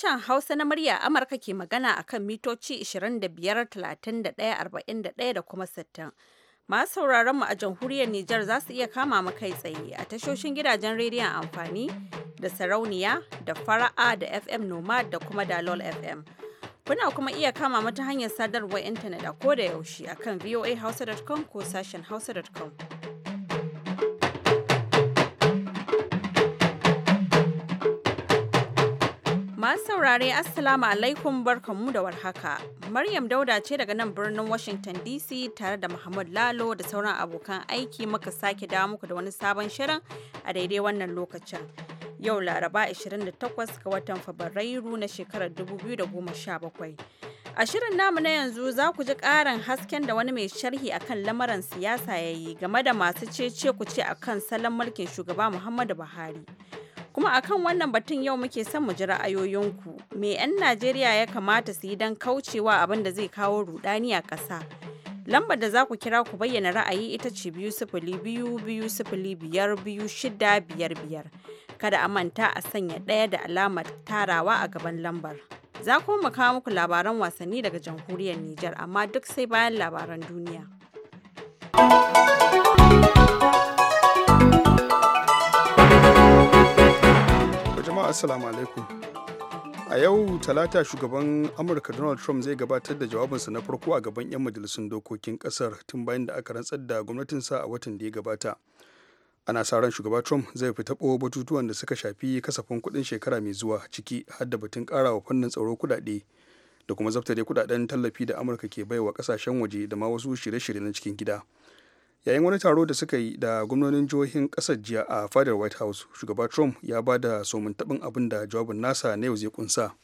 Sashen Hausa na murya Amurka ke magana a kan mitoci 25,31,41 da kuma 60. Masu sauraron mu a jamhuriyar Nijar za su iya kama makai tsaye a tashoshin gidajen rediyon amfani da sarauniya da fara'a da FM Nomad da kuma Dalol FM. Kuna kuma iya kama mata hanyar sadarwar intanet a koda yaushe akan voahausa.com ko sashen hausa.com. Masu saurare Assalamu alaikum barkanmu da warhaka. Maryam Dauda ce daga nan birnin Washington DC tare da Muhammad Lalo da sauran abokan aiki muka sake dawo muku da wani sabon shirin a daidai wannan lokacin. Yau Laraba 28 ga watan Fabrairu na shekarar 2017. A shirin namu na yanzu za ku ji ƙarin hasken da wani mai sharhi akan lamarin siyasa ya yi game da masu cece ku ce akan salon mulkin shugaba Muhammadu Buhari. Kuma akan wannan batun yau muke son mu ji ra'ayoyinku. Me 'yan Najeriya ya kamata su yi don kaucewa abin da zai kawo rudani a ƙasa? Lambar da za ku kira ku bayyana ra'ayi ita ce biyu sifili biyu biyu sifili biyar biyu shida biyar biyar. Kada a manta a sanya ɗaya da alamar tarawa a gaban lambar. Za kuma mu kawo muku labaran wasanni daga jamhuriyar Nijar amma duk sai bayan labaran duniya. assalamu alaikum a yau talata shugaban amurka donald trump zai gabatar da jawabinsa na farko a gaban 'yan majalisun dokokin kasar tun bayan da aka rantsar da gwamnatinsa a watan da ya gabata ana sa ran shugaba trump zai fi taɓo batutuwan da suka shafi kasafin kuɗin shekara mai zuwa ciki har da batun ƙara fannin tsaro kuɗaɗe da kuma zaftare kuɗaɗen tallafi da amurka ke baiwa ƙasashen waje da ma wasu shirye-shirye na cikin gida. yayin wani taro da suka yi da gwamnonin jihohin kasar jiya a fadar white house shugaba trump ya ba da abin da jawabin nasa na yau zai kunsa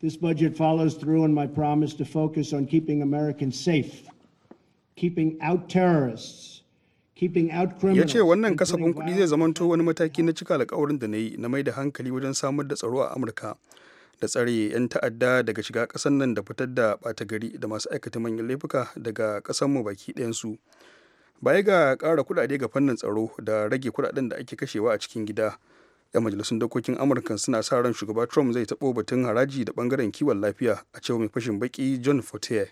This budget follows through on my promise to focus on keeping Americans safe, keeping out terrorists, keeping out criminals. Ya ce wannan kasafin kuɗi zai zamanto wani mataki na cika alkawarin da na yi na mai da hankali wajen samar da tsaro a Amurka da tsare 'yan ta'adda daga shiga ƙasar nan da fitar da ɓata gari da masu aikata manyan laifuka daga ƙasarmu baki ɗayansu baya ga ƙara kuɗaɗe ga fannin tsaro da rage kuɗaɗen da ake kashewa a cikin gida 'yan majalisun dokokin amurka suna sa ran shugaba trump zai taɓo batun haraji da ɓangaren kiwon lafiya a cewa mai fashin baki john fortier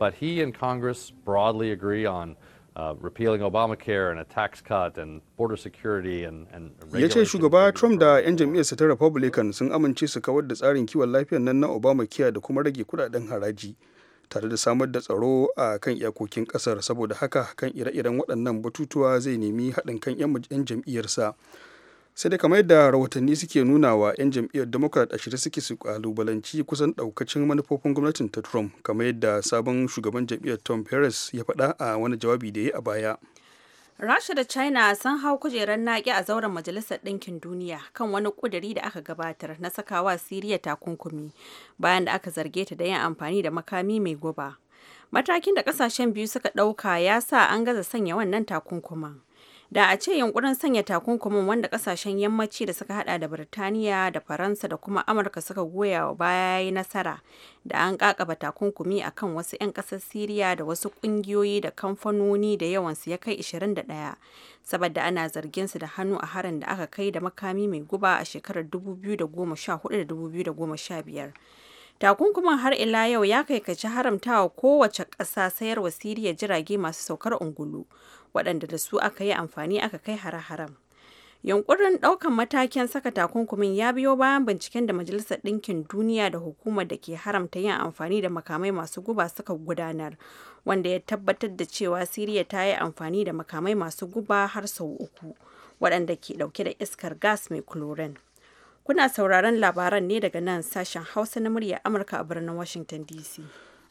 but he and congress broadly agree on Uh, repealing Obamacare and a tax cut and border security and, and Ya ce shugaba Trump da 'yan jam'iyyarsa ta Republican sun amince su kawar da tsarin kiwon lafiyar nan na Obamacare da kuma rage kudaden haraji tare da samar da tsaro a kan iyakokin kasar saboda haka kan ire-iren waɗannan batutuwa zai nemi haɗin kan 'yan jam'iyyarsa. sai dai kamar yadda rahotanni suke nuna wa 'yan jam'iyyar democrat a suke su kalubalanci kusan daukacin manufofin gwamnatin ta trump kamar yadda sabon shugaban jam'iyyar tom perez ya faɗa a wani jawabi da ya a baya rasha da china sun hau kujerar naƙi a zauren majalisar ɗinkin duniya kan wani ƙuduri da aka gabatar na sakawa siriya takunkumi bayan da aka zarge ta da yin amfani da makami mai guba matakin da ƙasashen biyu suka ɗauka ya sa an gaza sanya wannan takunkuman da a ce yunkurin sanya takunkumin wanda kasashen yammaci da suka hada da birtaniya da faransa da kuma amurka suka goya wa baya yi nasara da an kakaba takunkumi a kan wasu 'yan kasar siriya da wasu kungiyoyi da kamfanoni da yawansu ya kai 21 saboda ana zargin su da hannu a harin da aka kai da makami mai guba a shekarar 2014 2015 takunkumin har ila yau ya kaikaci haramtawa kowace ƙasa sayarwa siriya jirage masu saukar ungulu waɗanda da su aka yi amfani aka kai hare-haren. Yunkurin ɗaukan matakin saka takunkumin ya biyo bayan binciken da Majalisar Ɗinkin Duniya da hukumar da ke haramta yin amfani da makamai masu guba suka gudanar, wanda ya tabbatar da cewa Siriya ta yi amfani da makamai masu guba har sau uku, waɗanda ke ɗauke da iskar gas mai chlorine. Kuna sauraron labaran ne daga nan sashen Hausa na murya Amurka a birnin Washington DC.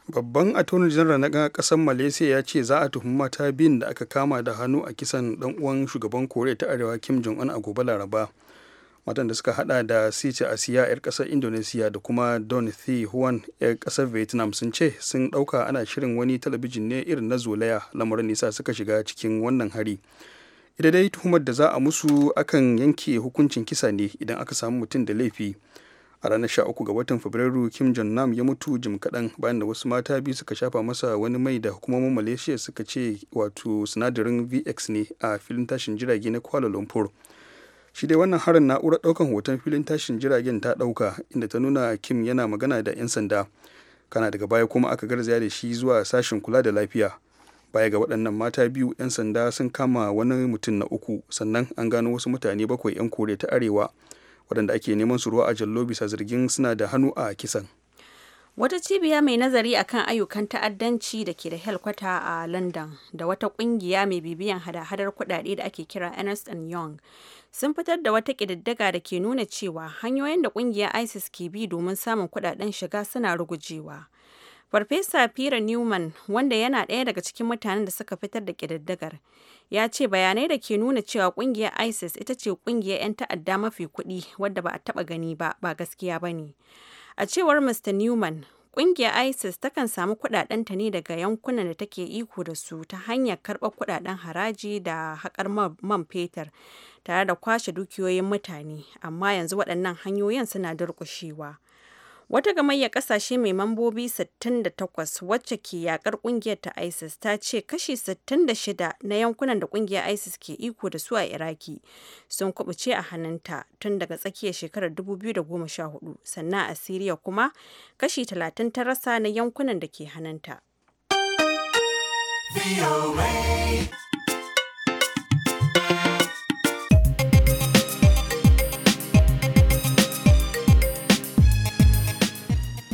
babban attorney general na kasar malaysia ya ce za a tuhumi mata biyun da aka kama da hannu a kisan dan uwan shugaban korea ta arewa kim jong un a gobe laraba matan da suka hada da siti asiya 'yar kasar indonesia da kuma don thi huan 'yar kasar vietnam sun ce sun dauka ana shirin wani talabijin ne irin na zolaya lamarin nisa suka shiga cikin wannan hari ita dai tuhumar da za a musu akan yanke hukuncin kisa ne idan aka samu mutum da laifi a ranar 13 ga watan fabrairu kim jong nam ya mutu jim kaɗan bayan da wasu mata biyu suka shafa masa wani mai da hukumomin malaysia suka ce wato sinadarin vx ne a filin tashin jirage na kuala lumpur shi dai wannan harin na'urar ɗaukan hoton filin tashin jiragen ta ɗauka inda ta nuna kim yana magana da 'yan sanda kana daga baya kuma aka garzaya da shi zuwa sashen kula da lafiya baya ga waɗannan mata biyu 'yan sanda sun kama wani mutum na uku sannan an gano wasu mutane bakwai 'yan kore ta arewa waɗanda ake neman su ruwa a jallo bisa zargin suna da hannu a kisan wata cibiya mai nazari a kan ayyukan ta'addanci da ke da helkwata a london da wata ƙungiya mai bibiyan hada-hadar kuɗaɗe da ake kira ernest and young sun fitar da wata ƙididdiga da ke nuna cewa hanyoyin da ƙungiyar isis ke bi domin samun kuɗaɗen shiga suna rugujewa Farfesa Fira Newman, wanda yana ɗaya daga cikin mutanen da suka fitar da ƙididdigar, ya ce bayanai da ke nuna cewa ƙungiyar ISIS ita ce ƙungiyar 'yan ta'adda mafi kuɗi wadda ba a taɓa gani ba, ba gaskiya ba ne. A cewar Mr. Newman, ƙungiyar ISIS takan samu kuɗaɗenta ne daga yankunan da take iko da su ta hanyar karɓar kuɗaɗen haraji da haƙar man fetur tare da kwashe dukiyoyin mutane, amma yanzu waɗannan hanyoyin suna durƙushewa. Wata gamayyar kasashe mai mambobi 68 wacce ke yakar kungiyar ta ISIS ta ce kashi 66 na yankunan da kungiyar ISIS ke iko da su a Iraki sun kubuce a hannunta tun daga tsakiyar shekarar 2014 sannan a Siriya kuma kashi 30 ta rasa na yankunan da ke hannunta.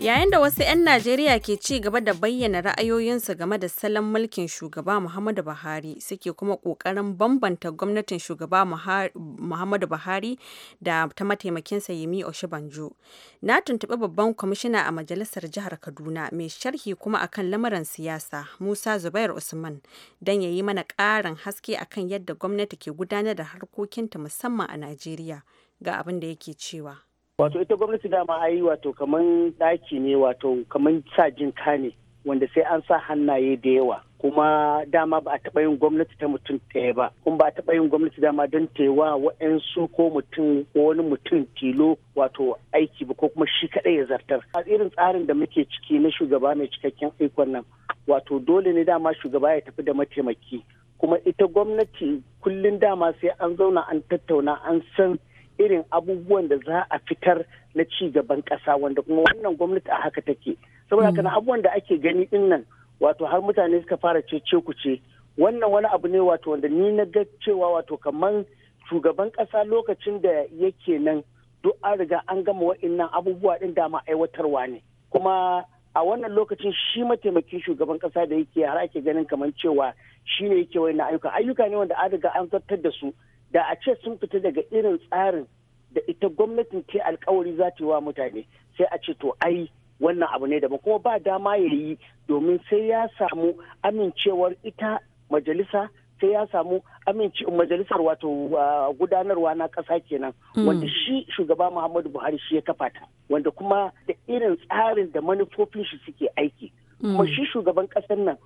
Yayin da wasu 'yan Najeriya ke ci gaba da bayyana ra'ayoyinsu game da salon mulkin shugaba Muhammadu Buhari suke kuma kokarin bambanta gwamnatin shugaba Muhammadu Buhari da ta mataimakinsa Yemi Oshibanjo. Na tuntuɓi babban kwamishina a majalisar jihar Kaduna mai sharhi kuma akan lamarin siyasa Musa Zubair Usman don ya yi mana ƙarin haske akan yadda gwamnati ke gudanar da harkokinta musamman a Najeriya ga abin da yake cewa. wato ita gwamnati dama yi wato kaman daki ne wato kaman sa jinka ne wanda sai an sa hannaye da yawa kuma dama ba a taɓa yin gwamnati ta mutum ɗaya ba kuma ba a taɓa yin gwamnati dama don taiwa wa'yansu ko mutum ko wani mutum tilo wato aiki ba ko kuma shi kaɗai ya zartar a irin tsarin da muke ciki na shugaba mai cikakken aikon nan wato dole ne dama shugaba ya tafi da mataimaki kuma ita gwamnati kullum dama sai an zauna an tattauna an san irin abubuwan da za a fitar na ci gaban ƙasa wanda kuma wannan gwamnati a haka take saboda haka mm. na abubuwan da ake gani din nan wato har mutane suka fara cece ku ce wannan wani abu ne wato wanda ni na ga cewa wato kaman shugaban ƙasa lokacin da yake nan duk an riga an gama wa'innan abubuwa ɗin dama aiwatarwa ne kuma a wannan lokacin shi mataimakin shugaban ƙasa da yake har ake ganin kamar cewa shi ne yake wa'innan ayyuka ayyuka ne wanda an riga an zartar da su da a ce sun fita daga irin tsarin da ita gwamnatin ke alkawari za ta yi wa mutane sai a ce to ai wannan abu ne daban kuma ba dama ya yi domin sai ya samu amincewar ita majalisa sai ya samu aminci majalisar wato gudanarwa na ƙasa kenan hmm. wanda shi shugaba muhammadu buhari shi ya kafa ta wanda kuma da irin tsarin da manufofin shi suke aiki hmm. kuma shi shugaban ƙasar nan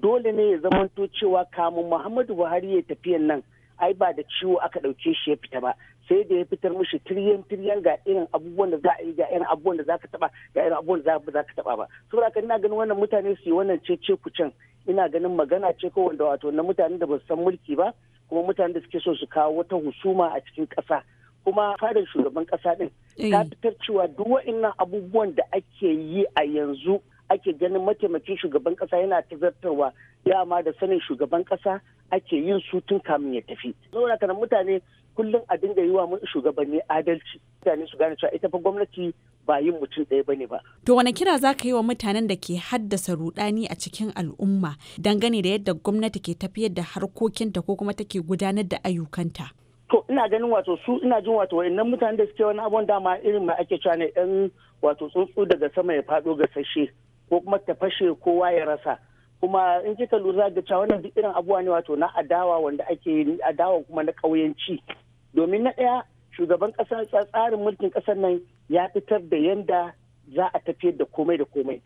dole ne ya zamanto cewa kamun muhammadu buhari ya tafiyan nan ai ba da ciwo aka ɗauke shi ya fita ba sai da ya fitar mishi tiriyan tiriyan ga irin abubuwan da za a yi ga irin abubuwan da za ka taba ga irin abubuwan da za ka taba ba saboda haka ina ganin wannan mutane su yi wannan cece can ina ganin magana ce ko wanda wato na mutane da ba san mulki ba kuma mutane da suke so su kawo wata husuma a cikin ƙasa kuma fadar shugaban ƙasa din ta eh. fitar cewa duk wa'annan abubuwan da ake yi a yanzu ake ganin mataimakin shugaban kasa yana tazartarwa dama da sanin shugaban kasa ake yin su tun kamin ya tafi saboda kana mutane kullum a dinga yi wa shugabanni adalci mutane su gane cewa ita fa gwamnati ba yin mutum ɗaya ne ba to wani kira za ka yi wa mutanen da ke haddasa rudani a cikin al'umma dangane da yadda gwamnati ke tafiyar da harkokinta ko kuma take gudanar da ayyukanta to ina ganin wato su ina jin wato wayannan mutanen da suke wani abun dama irin mai ake cewa ne yan wato tsuntsu daga sama ya faɗo ga sashe ko kuma ta fashe kowa ya rasa kuma in kika lura ga cewa wannan duk irin abuwa ne wato na adawa wanda ake adawa kuma na ƙauyenci domin na ɗaya shugaban ƙasar tsarin mulkin ƙasar nan ya fitar da yanda za a tafiyar da komai da komai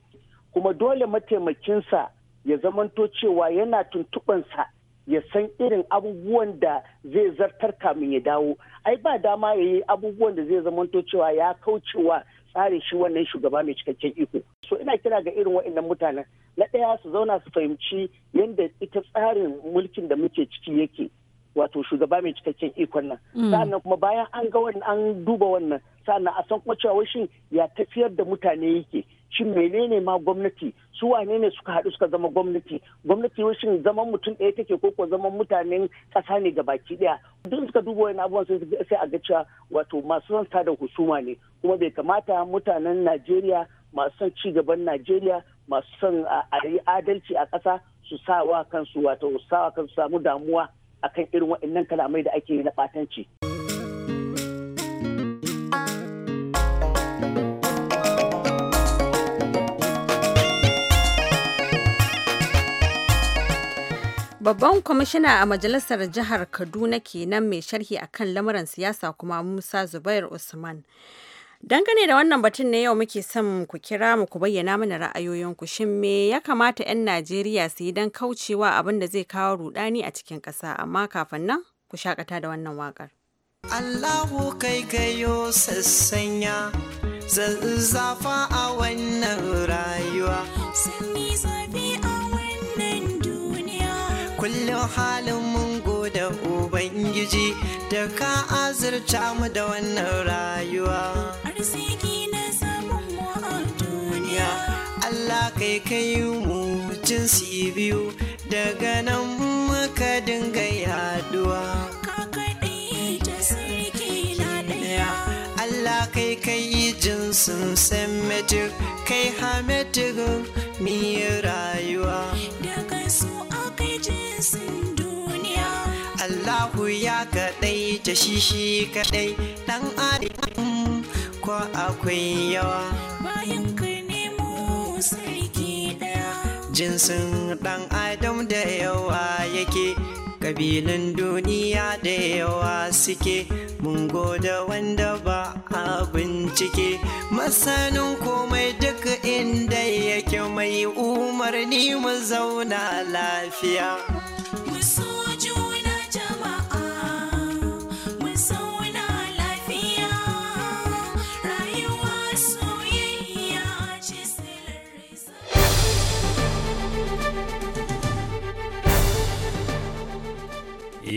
kuma dole mataimakinsa ya zamanto cewa yana tuntuɓansa ya san irin abubuwan da zai zartar kamin ya dawo ai ba dama ya yi abubuwan da zai zamanto cewa ya kaucewa kare shi wannan shugaba mai cikakken iko so ina kira ga irin waɗannan mutanen na ɗaya su zauna su fahimci yadda ita tsarin mulkin da muke ciki yake wato shugaba mai cikakken ikon nan mm. sannan kuma bayan an ga wannan an duba wannan sannan a san kuma cewa shin ya tafiyar da mutane yake shin menene ma gwamnati su wane ne suka haɗu suka zama gwamnati gwamnati shin zaman mutum ɗaya take ko ko zaman mutanen ƙasa ne ga baki ɗaya duk suka duba wani abubuwan sai a ga cewa wato masu son da husuma ne kuma bai kamata mutanen najeriya masu son ci gaban najeriya masu son a yi adalci a ƙasa su sawa kansu wato sawa kansu samu damuwa akan irin waɗannan kalamai da ake yi na batanci. Babban kwamishina a majalisar jihar Kaduna kenan mai sharhi a kan lamuran siyasa kuma Musa Zubair Usman. Dangane da wannan batun ne yau muke son ku kira mu ku bayyana mana ra'ayoyinku shin me ya kamata 'yan Najeriya su yi don kaucewa abin da zai kawo rudani a cikin ƙasa amma kafin nan ku shakata da wannan wakar Allahu kai gayo sassanya zazzafa a wannan rayuwa. gano halin mun gode ubangiji da ka azurta mu da wannan rayuwa arziki na samun mu a duniya Allah kai kai mu jinsi biyu daga nan muka dinga yaduwa Allah kai kai jinsin semitic kai hametic mi rayuwa akuya kaɗai ta shishi kaɗai ɗan adam ko akwai yawa. Bayan ka mu sarki ɗaya. Jinsin ɗan adam da yawa yake kabilan duniya da yawa suke mun gode wanda ba a bincike masanin komai duk inda yake mai umarni mu zauna lafiya.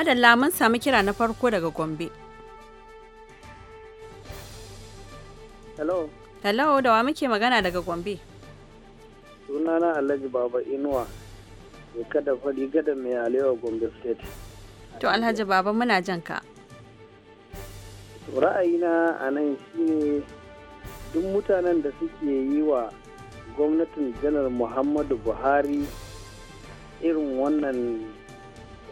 Madalla mun sami kira na farko daga Gombe. Hello. Hello, da wa muke magana daga Gombe? Sunana Alhaji Baba Inuwa, mai kada gada mai alewa Gombe State. To Alhaji Baba muna jan ka. Ra'ayina a nan shi ne duk mutanen da suke yi wa gwamnatin janar Muhammadu Buhari irin wannan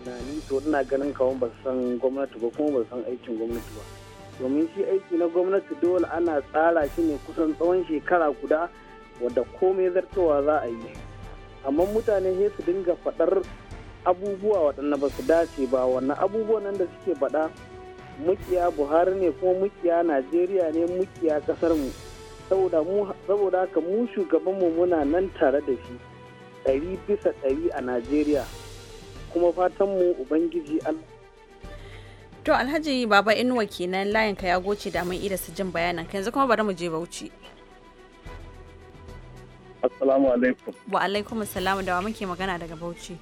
tunani to ina ganin kawon ba san gwamnati ba kuma ba san aikin gwamnati ba domin shi aiki na gwamnati dole ana tsara shi ne kusan tsawon shekara guda wadda komai zartowa za a yi amma mutane sai su dinga faɗar abubuwa waɗanda ba su dace ba wannan abubuwan nan da suke faɗa mukiya buhari ne kuma mukiya najeriya ne mukiya ƙasar mu saboda mu saboda haka mu shugabanmu muna nan tare da shi ɗari bisa ɗari a najeriya kuma fatan mu ubangiji Allah to alhaji baba inuwa kenan layin ka ya goce da mun ida su jin bayanan ka yanzu kuma bari mu je bauchi assalamu alaikum wa alaikum assalamu da muke magana daga bauchi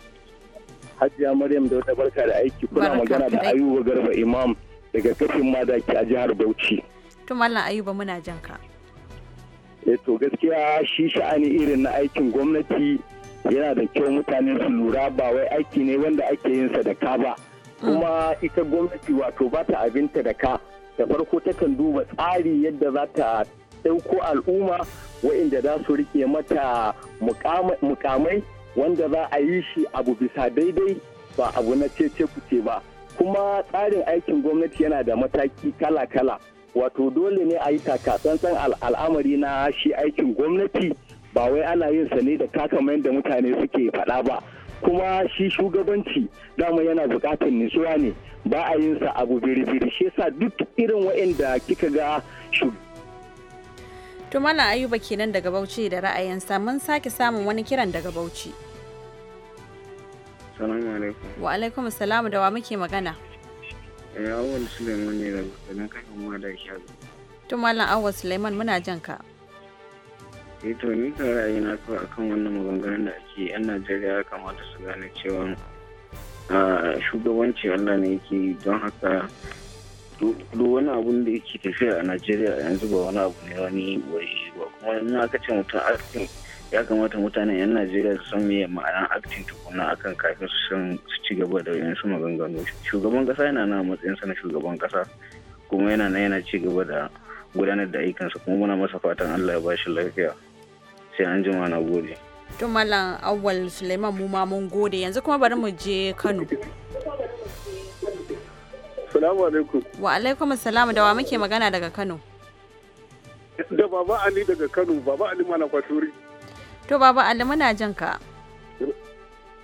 hajiya maryam da wata barka da aiki kuna magana da ayuba garba imam daga kafin madaki a jihar bauchi to mallam ayuba muna jan ka eh to gaskiya shi sha'ani irin na aikin gwamnati yana da kyau mutane su lura ba wai aiki ne wanda ake yin sa da ka ba kuma ita gwamnati wato ba ta abinta da ka da farko takan duba tsari yadda za ta ɗauko al'umma wa'inda za su rike mata mukamai wanda za a yi shi abu bisa daidai ba abu na cece kuce ba kuma tsarin aikin gwamnati yana da mataki kala-kala wato dole ne a yi takatsantsan al'amari na shi aikin gwamnati ba wai ana yin sa ne da takamain da mutane suke faɗa ba kuma shi shugabanci dama yana bukatar nutsuwa ne ba a yin sa abu biri-biri shi yasa duk irin waɗanda kika ga to mala ayuba kenan daga bauchi da ra'ayinsa mun sake samun wani kiran daga bauchi salamu alaikum wa alaikum salamu da wa muke magana eh awal suleiman ne daga kanan kan da shi. to malam awal suleiman muna jan ka eh to ni kan ra'ayi na kawai akan wannan maganganun da ake yan najeriya ya kamata su gane cewa shugabanci allah ne yake don haka duk wani abun da yake tafiya a najeriya yanzu ba wani abu ne wani wai ba kuma in aka ce mutum ya kamata mutanen 'yan najeriya su san meye ma'anar aktin tukuna akan kafin su san su ci gaba da yansu maganganu shugaban kasa yana na matsayinsa na shugaban kasa kuma yana na yana ci gaba da gudanar da aikinsa kuma muna masa fatan allah ya bashi lafiya sai an jima na gode to mallam awwal suleiman mu ma mun gode yanzu kuma bari mu je kano salamu alaikum wa alaikum assalamu da wa muke magana daga kano da baba ali daga kano baba ali mana kwaturi to baba ali muna jan ka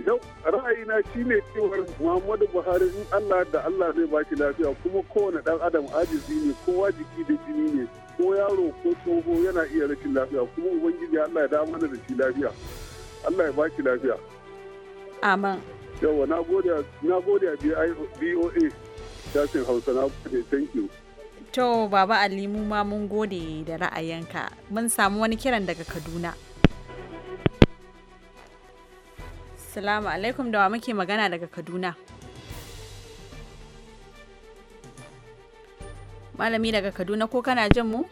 yau ra'ayina ne cewar muhammadu buhari in allah da allah zai baki lafiya kuma kowane dan adam ajizi ne kowa jiki da jini ne ko yaro ko tsoho yana iya rashin lafiya kuma ubangiji Allah ya da mana da shi lafiya Allah ya baki lafiya amin yawa na gode na gode a BOA sashen Hausa na gode thank you to baba Ali mu ma mun gode da ra'ayinka mun samu wani kiran daga Kaduna Salamu alaikum da wa muke magana daga Kaduna. malami daga kaduna ko kana jin mu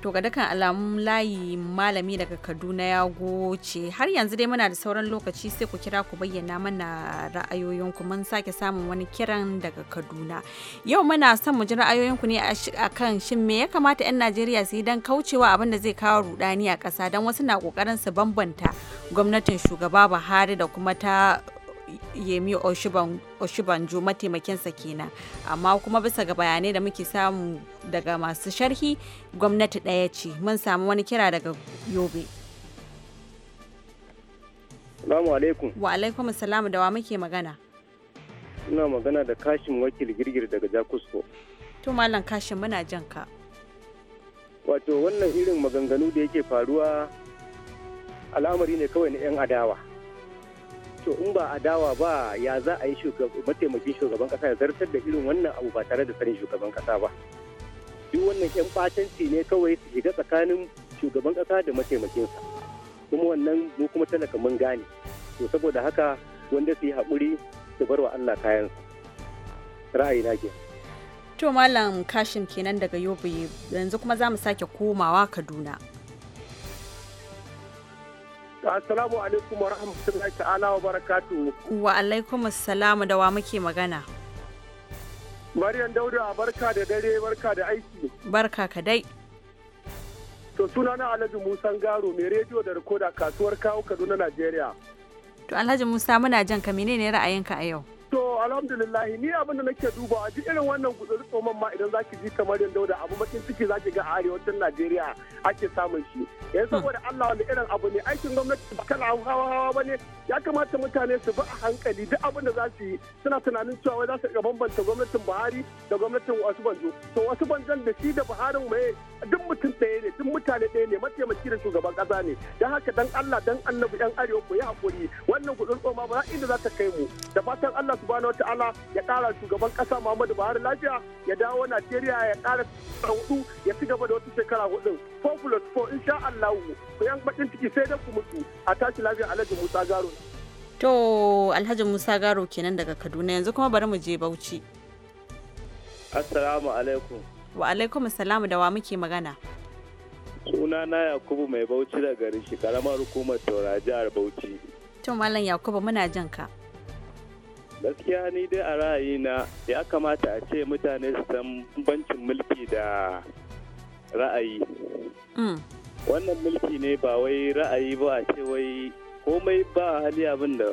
to ga dukkan alamun layi malami daga kaduna ya goce har yanzu dai muna da sauran lokaci sai ku kira ku bayyana mana ra'ayoyinku mun sake samun wani kiran daga kaduna yau muna son mu ji ra'ayoyinku ne a kan shin me ya kamata 'yan najeriya su yi don kaucewa abin da zai kawo rudani a ƙasa don wasu na ƙoƙarin su bambanta gwamnatin shugaba buhari da kuma ta yemi oshibanjo mataimakinsa kenan amma kuma bisa ga bayanai da muke samu daga masu sharhi gwamnati daya ce mun samu wani kira daga yobe salamu alaikum wa alaikum salamu da wa muke magana ina magana da kashin wakil girgir daga jakusko to malam kashin muna jan ka wato wannan irin maganganu da yake faruwa al'amari ne kawai na 'yan adawa to in ba dawa ba ya za a yi mataimakin shugaban kasa ya zartar da irin wannan abu ba tare da sanin shugaban kasa ba duk wannan yan batanci ne kawai su shiga tsakanin shugaban kasa da mataimakinsa kuma wannan mu kuma talaka mun gane to saboda haka wanda su yi haƙuri su bar wa Allah kayansa ra'ayi na ke to malam kashim kenan daga yobe yanzu kuma za mu sake komawa kaduna Assalamu alaikum wa rahmatullahi ta'ala wa barakatu. Wa alaikum assalamu da wa muke magana. Maryam Dauda barka da dare barka da aiki. Barka ka dai. To suna na Alhaji Musa Garo mai rediyo da rikoda kasuwar kawo Kaduna Najeriya. To Alhaji Musa muna jan ka menene ra'ayinka a yau? To alhamdulillah ni abinda da nake duba duk irin wannan gutsuri tsoman ma idan zaki ji kamar yadda da abu bakin ciki zaki ga arewacin Najeriya ake samun shi. Yanzu eh, hmm. saboda Allah wani irin abu ne aikin gwamnati ba kan hawa hawa bane ya kamata mutane su bi a hankali duk abinda da za su yi suna tunanin cewa wai za su ga bambanta gwamnatin Buhari da gwamnatin wasu banjo. To wasu banjan da shi da Buhari mai duk mutum ɗaya ne duk mutane ɗaya ne mataimaki da shugaban ƙasa ne. Don haka dan Allah dan annabi yan arewa ku yi hakuri wannan gutsuri tsoma ba za inda za ta kai mu da fatan Allah subhanahu wataala ya kara shugaban kasa Muhammadu Buhari lafiya ya dawo Najeriya ya kara hudu ya ci gaba da wata shekara hudu four plus four insha Allah ku yan bakin ciki sai da ku mutu a tashi lafiya Alhaji Musa Garo to Alhaji Musa Garo kenan daga Kaduna yanzu kuma bari mu je Bauchi Assalamu alaikum wa alaikum assalam da wa muke magana suna na yakubu mai bauchi daga rishi karamar hukumar taura jihar bauchi tun malam yakubu muna jan ka gaskiya ni dai a ra'ayina ya kamata a ce mutane su san bancin mulki da ra'ayi mm. wannan mulki ne ba wai ra'ayi ba a ce wai komai ba hali abin da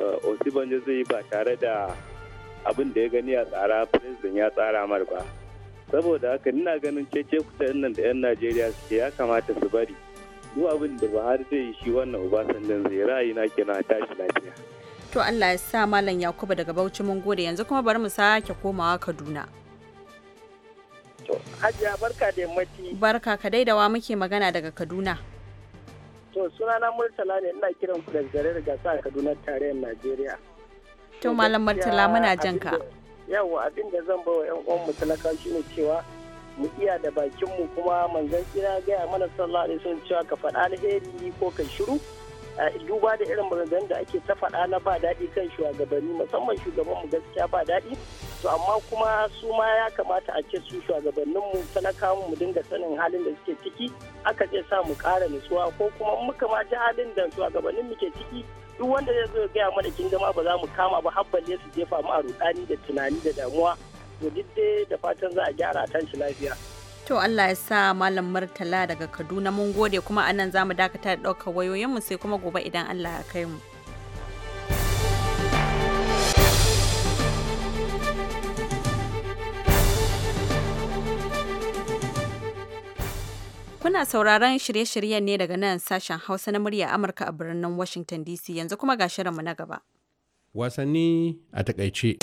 zai yi ba tare da abin da ya gani a tsara president ya tsara mar ba saboda haka ina ganin cece kusa nan da 'yan najeriya suke ya kamata su bari duk abin da buhari zai yi shi wannan obasanjan zai ra'ayi na kenan tashi lafiya To Allah ya sa Malam Yakubu daga Bauchi mun gode yanzu kuma bari mu sake komawa Kaduna. To Hajiya barka da yammaci. Barka ka dai wa muke magana daga Kaduna. To sunana Murtala ne ina kiran ku daga garin Gasa Kaduna tarayyar Najeriya. To Malam Murtala muna jan ka. Yau, abin da zan bawa yan uwan mu talaka shine cewa mu iya da bakin mu kuma manzon kira gaya mana sallallahu alaihi wasallam cewa ka faɗa alheri ko ka shiru. duba da irin maganganun da ake ta faɗa na ba daɗi kan shugabanni musamman shugaban mu gaskiya ba daɗi to amma kuma su ma ya kamata a ce su shugabannin mu na mu dinga sanin halin da suke ciki aka ce sa mu ƙara nutsuwa ko kuma muka ma ji halin da shugabannin mu ke ciki duk wanda zai zo gaya mana kin gama ba za mu kama ba har balle su jefa mu a rudani da tunani da damuwa to duk dai da fatan za a gyara tashi lafiya. To Allah ya sa Malam Murtala daga Kaduna mun gode kuma anan za mu dakata da ɗaukar wayoyinmu sai kuma gobe idan Allah ya kai mu. Kuna sauraron shirye-shiryen ne daga nan sashen Hausa na murya Amurka a birnin Washington DC yanzu kuma ga shirinmu na gaba. Wasanni a takaice.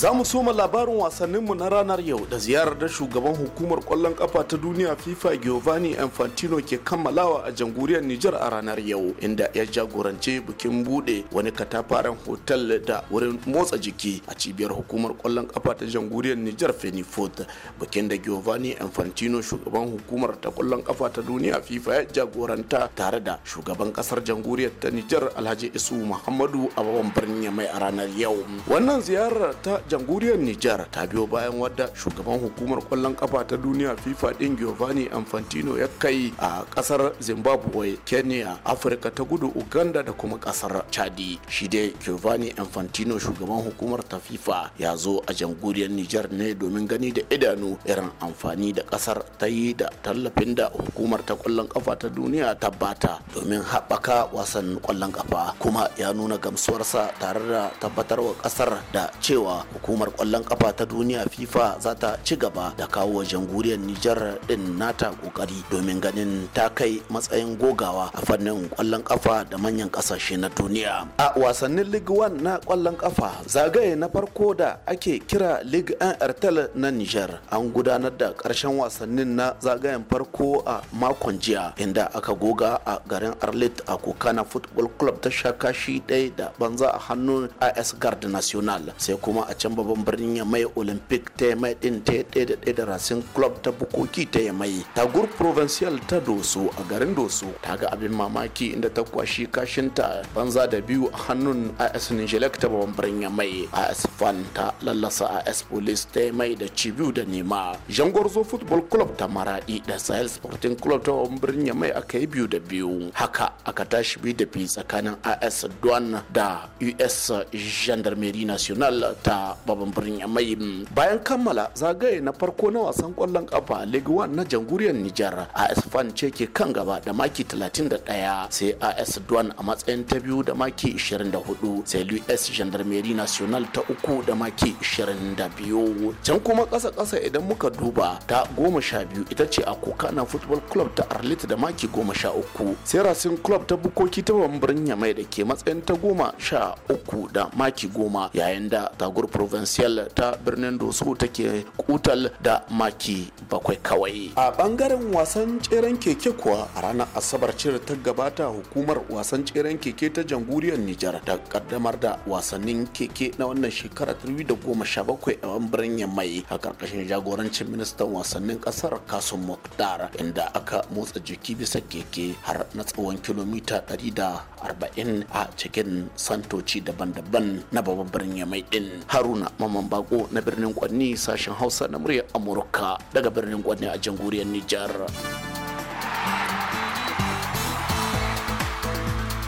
Za mu soma labarin wasanninmu na ranar yau da ziyarar da shugaban hukumar kwallon kafa ta duniya FIFA Giovanni Infantino ke kammalawa a jamhuriyar Nijar a ranar yau inda ya jagorance bikin bude wani katafaren hotel da wurin motsa jiki a cibiyar hukumar kwallon kafa ta jamhuriyar Nijar Fenifort bikin da Giovanni Infantino shugaban hukumar ta kwallon kafa ta duniya FIFA ya jagoranta tare da shugaban kasar jamhuriyar ta Nijar Alhaji Isu Muhammadu a babban birnin mai a ranar yau. Wannan ziyarar ta jamhuriyar nijar ta biyo bayan wadda shugaban hukumar kwallon kafa ta duniya fifa din giovanni infantino ya kai a kasar zimbabwe kenya afirka ta gudu uganda da kuma kasar chadi shi dai giovanni infantino shugaban hukumar ta fifa ya zo a jamhuriyar nijar ne domin gani da idanu irin amfani da kasar ta yi da tallafin da hukumar ta kwallon kafa ta duniya ta bata domin haɓaka wasan kwallon kafa kuma ya nuna gamsuwarsa tare da tabbatarwa kasar da cewa hukumar kwallon kafa ta duniya fifa za ta ci gaba da kawo wa jamhuriyar nijar din nata kokari domin ganin ta kai matsayin gogawa a fannin kwallon kafa da manyan kasashe na duniya a wasannin league one na kwallon kafa zagaye na farko da ake kira league an artel na nijar an gudanar da karshen wasannin na zagayen farko a makon jiya inda aka goga a garin arlit a kokana football club ta shakashi ɗaya da banza a hannun is guard national sai kuma a can can babban birnin ya mai olympic ta ya mai din ta ya da ɗaya da club ta bukoki ta ya mai tagur provincial ta doso a garin doso ta ga abin mamaki inda ta kwashi kashinta banza da biyu a hannun as nigelec ta babban birnin ya mai as fan ta lallasa as police ta ya mai da cibiyu da nema jangorzo football club ta maradi da sahel sporting club ta babban birnin ya mai aka yi biyu da biyu haka aka tashi biyu da biyu tsakanin as duan da us gendarmerie national ta babban birnin yamai bayan kammala zagaye na farko na wasan kwallon kafa league one na jamhuriyar nijar as fan ce ke kan gaba da maki 31 sai as duan a matsayin ta biyu da maki 24 sai us gendarmerie national ta uku da maki 22 can kuma kasa kasa idan muka duba ta goma sha biyu ita ce a kokana football club ta arlit da maki goma sha uku sai racing club ta bukoki ta babban birnin yamai da ke matsayin ta goma sha uku da maki goma yayin da tagur provincial ta birnin doso take kutal da maki bakwai kawai a bangaren wasan tseren keke kuwa a ranar asabar cire ta gabata hukumar wasan tseren keke ta jamhuriyar nijar ta kaddamar da wasannin keke na wannan shekara da sha bakwai a birnin mai a karkashin jagorancin ministan wasannin kasar kasum mokdar inda aka motsa jiki bisa keke har na tsawon kilomita 100 arba'in a cikin santoci daban-daban na babban birnin mai din haruna maman bako na birnin kwanni sashen hausa na muryar amurka daga birnin kwanni a jamhuriyar nijar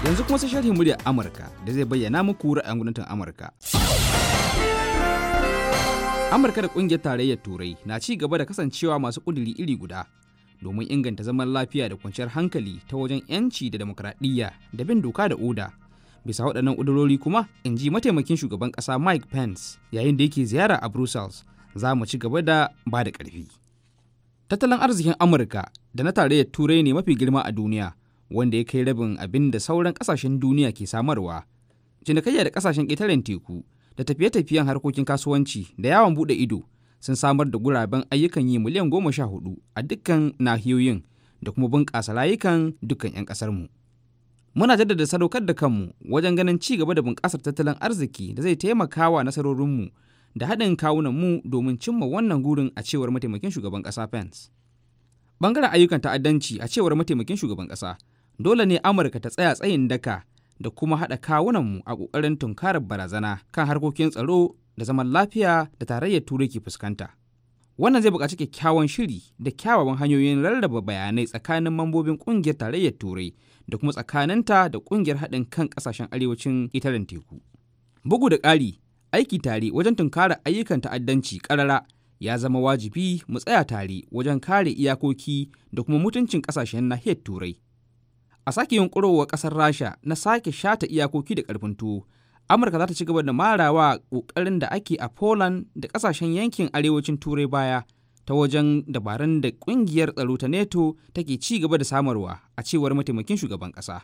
yanzu kuma sashen sharhin muryar amurka da zai bayyana muku ra'ayin gwamnatin amurka amurka da kungiyar tarayyar turai na ci gaba da kasancewa masu kuduri iri guda domin inganta zaman lafiya da kwanciyar hankali ta wajen 'yanci da demokradiyya da bin doka da oda bisa waɗannan ƙudurori kuma in ji mataimakin shugaban ƙasa mike pence yayin da yake ziyara a brussels za mu ci gaba da ba da ƙarfi tattalin arzikin amurka da na tarayyar turai ne mafi girma a duniya wanda ya kai rabin abin da sauran ƙasashen duniya ke samarwa cinikayya da ƙasashen ƙetaren teku da tafiye-tafiyen harkokin kasuwanci da yawon buɗe ido sun samar da guraben ayyukan yi miliyan goma sha hudu a dukkan nahiyoyin da kuma bunƙasa layukan dukkan 'yan ƙasarmu. Muna jaddada sadaukar da kanmu wajen ganin ci gaba da bunƙasar tattalin arziki da zai taimaka wa nasarorinmu da haɗin kawunanmu domin cimma wannan gurin a cewar mataimakin shugaban ƙasa Pence. Bangaren ayyukan ta'addanci a cewar mataimakin shugaban ƙasa dole ne Amurka ta tsaya tsayin daka da kuma haɗa kawunanmu a ƙoƙarin tunkarar barazana kan harkokin tsaro da zaman lafiya da tarayyar turai ke fuskanta wannan zai buƙaci kyakkyawan shiri da kyawawan hanyoyin rarraba bayanai tsakanin mambobin ƙungiyar tarayyar turai da kuma tsakaninta da ƙungiyar haɗin kan ƙasashen arewacin ƙetaren teku bugu da ƙari aiki tare wajen tunkara ayyukan ta'addanci ƙarara ya zama wajibi mu tsaya tare wajen kare iyakoki da kuma mutuncin ƙasashen nahiyar turai a sake yunƙurowa ƙasar rasha na sake shata iyakoki da ƙarfin tuwo amurka za ta ci gaba da marawa ƙoƙarin da ake a poland da ƙasashen yankin arewacin turai baya ta wajen dabarun da ƙungiyar tsaro ta neto take ci gaba da samarwa a cewar mataimakin shugaban ƙasa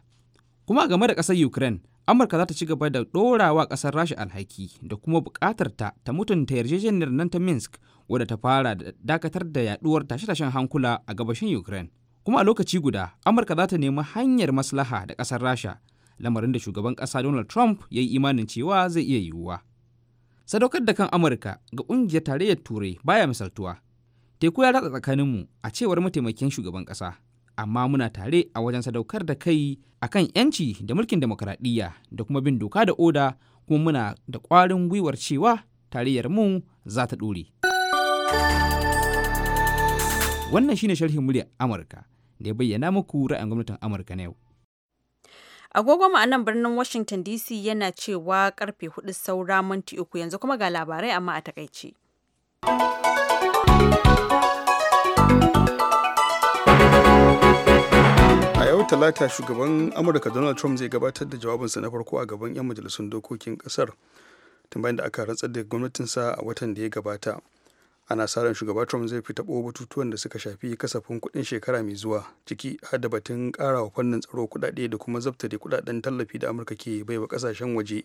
kuma game da ƙasar ukraine amurka za ta ci gaba da ɗorawa ƙasar rasha alhaki da kuma buƙatar ta ta mutunta yarjejeniyar nan ta minsk wadda ta fara da dakatar da yaduwar tashe-tashen hankula a gabashin ukraine kuma a lokaci guda amurka za ta nemi hanyar maslaha da ƙasar rasha lamarin da shugaban ƙasa Donald Trump ya yi imanin cewa zai iya yiwuwa. Sadaukar da kan Amurka ga ƙungiyar tarayyar Turai baya misaltuwa. Teku ya ratsa tsakaninmu a cewar mataimakin shugaban ƙasa, amma muna tare a wajen sadaukar da kai a kan 'yanci da mulkin demokuraɗiyya da kuma bin doka da oda kuma muna da ƙwarin gwiwar cewa tarayyar mu za ta ɗore. Wannan shine sharhin murya Amurka da ya bayyana muku ra'ayin gwamnatin Amurka na yau. Agogon mu a nan birnin Washington DC yana cewa karfe 4 saura minti uku yanzu kuma ga labarai amma a takaice. A yau talata shugaban Amurka Donald Trump zai gabatar da jawabinsa na farko a gaban 'yan majalisun dokokin kasar tun bayan da aka rantsar da gwamnatinsa a watan da ya gabata. ana sa ran shugaba trump zai fi taɓo batutuwan da suka shafi kasafin kuɗin shekara mai zuwa ciki har da batun ƙara wa fannin tsaro kuɗaɗe da kuma zabta da kuɗaɗen tallafi da amurka ke baiwa ƙasashen waje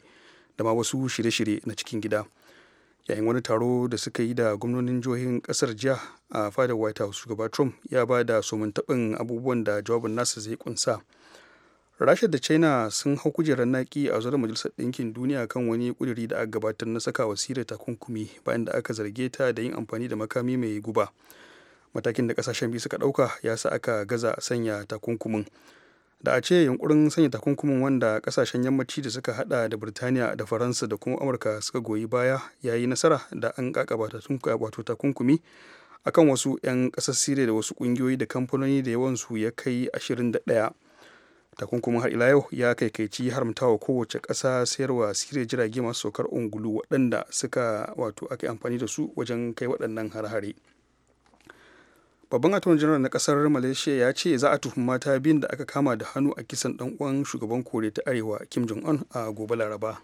da ma wasu shirye-shirye na cikin gida yayin wani taro da suka yi da gwamnonin jihohin ƙasar jiya a fadar white house shugaba trump ya ba da somin abubuwan da jawabin nasa zai kunsa. rasha da china sun hau kujerar naki a zuwa majalisar ɗinkin duniya kan wani ƙuduri da aka gabatar na saka wasirar takunkumi bayan da aka zarge ta da yin amfani da makami mai guba matakin da kasashen biyu suka ɗauka ya sa aka gaza sanya takunkumin da a ce yunkurin sanya takunkumin wanda ƙasashen yammaci da suka haɗa da birtaniya da faransa da kuma amurka suka goyi baya ya yi nasara da an kakaba wato takunkumi akan wasu 'yan ƙasar siriya da wasu ƙungiyoyi da kamfanoni da yawansu ya kai da ɗaya. takunkumin har ila yau ya kaikaici haramtawa kowace ƙasa sayarwa sirri jirage masu saukar ungulu waɗanda suka wato aka amfani da su wajen kai waɗannan har-hare babban attorney general na kasar malaysia ya ce za a tuhu mata biyun da aka kama da hannu a kisan ɗan uwan shugaban kore ta arewa kim jong un a gobe laraba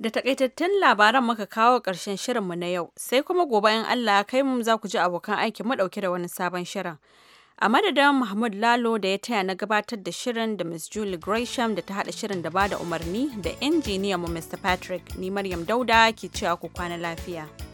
da takaitattun labaran muka kawo ƙarshen shirinmu na yau sai kuma gobe in allah kai mu za ku ji abokan aikin mu ɗauke da wani sabon shirin a madadin mahmud lalo da ya taya na gabatar da shirin da miss julie gresham da ta hada shirin da ba da umarni da injiniyan mu mr patrick ni maryam dauda ke cewa ku kwana lafiya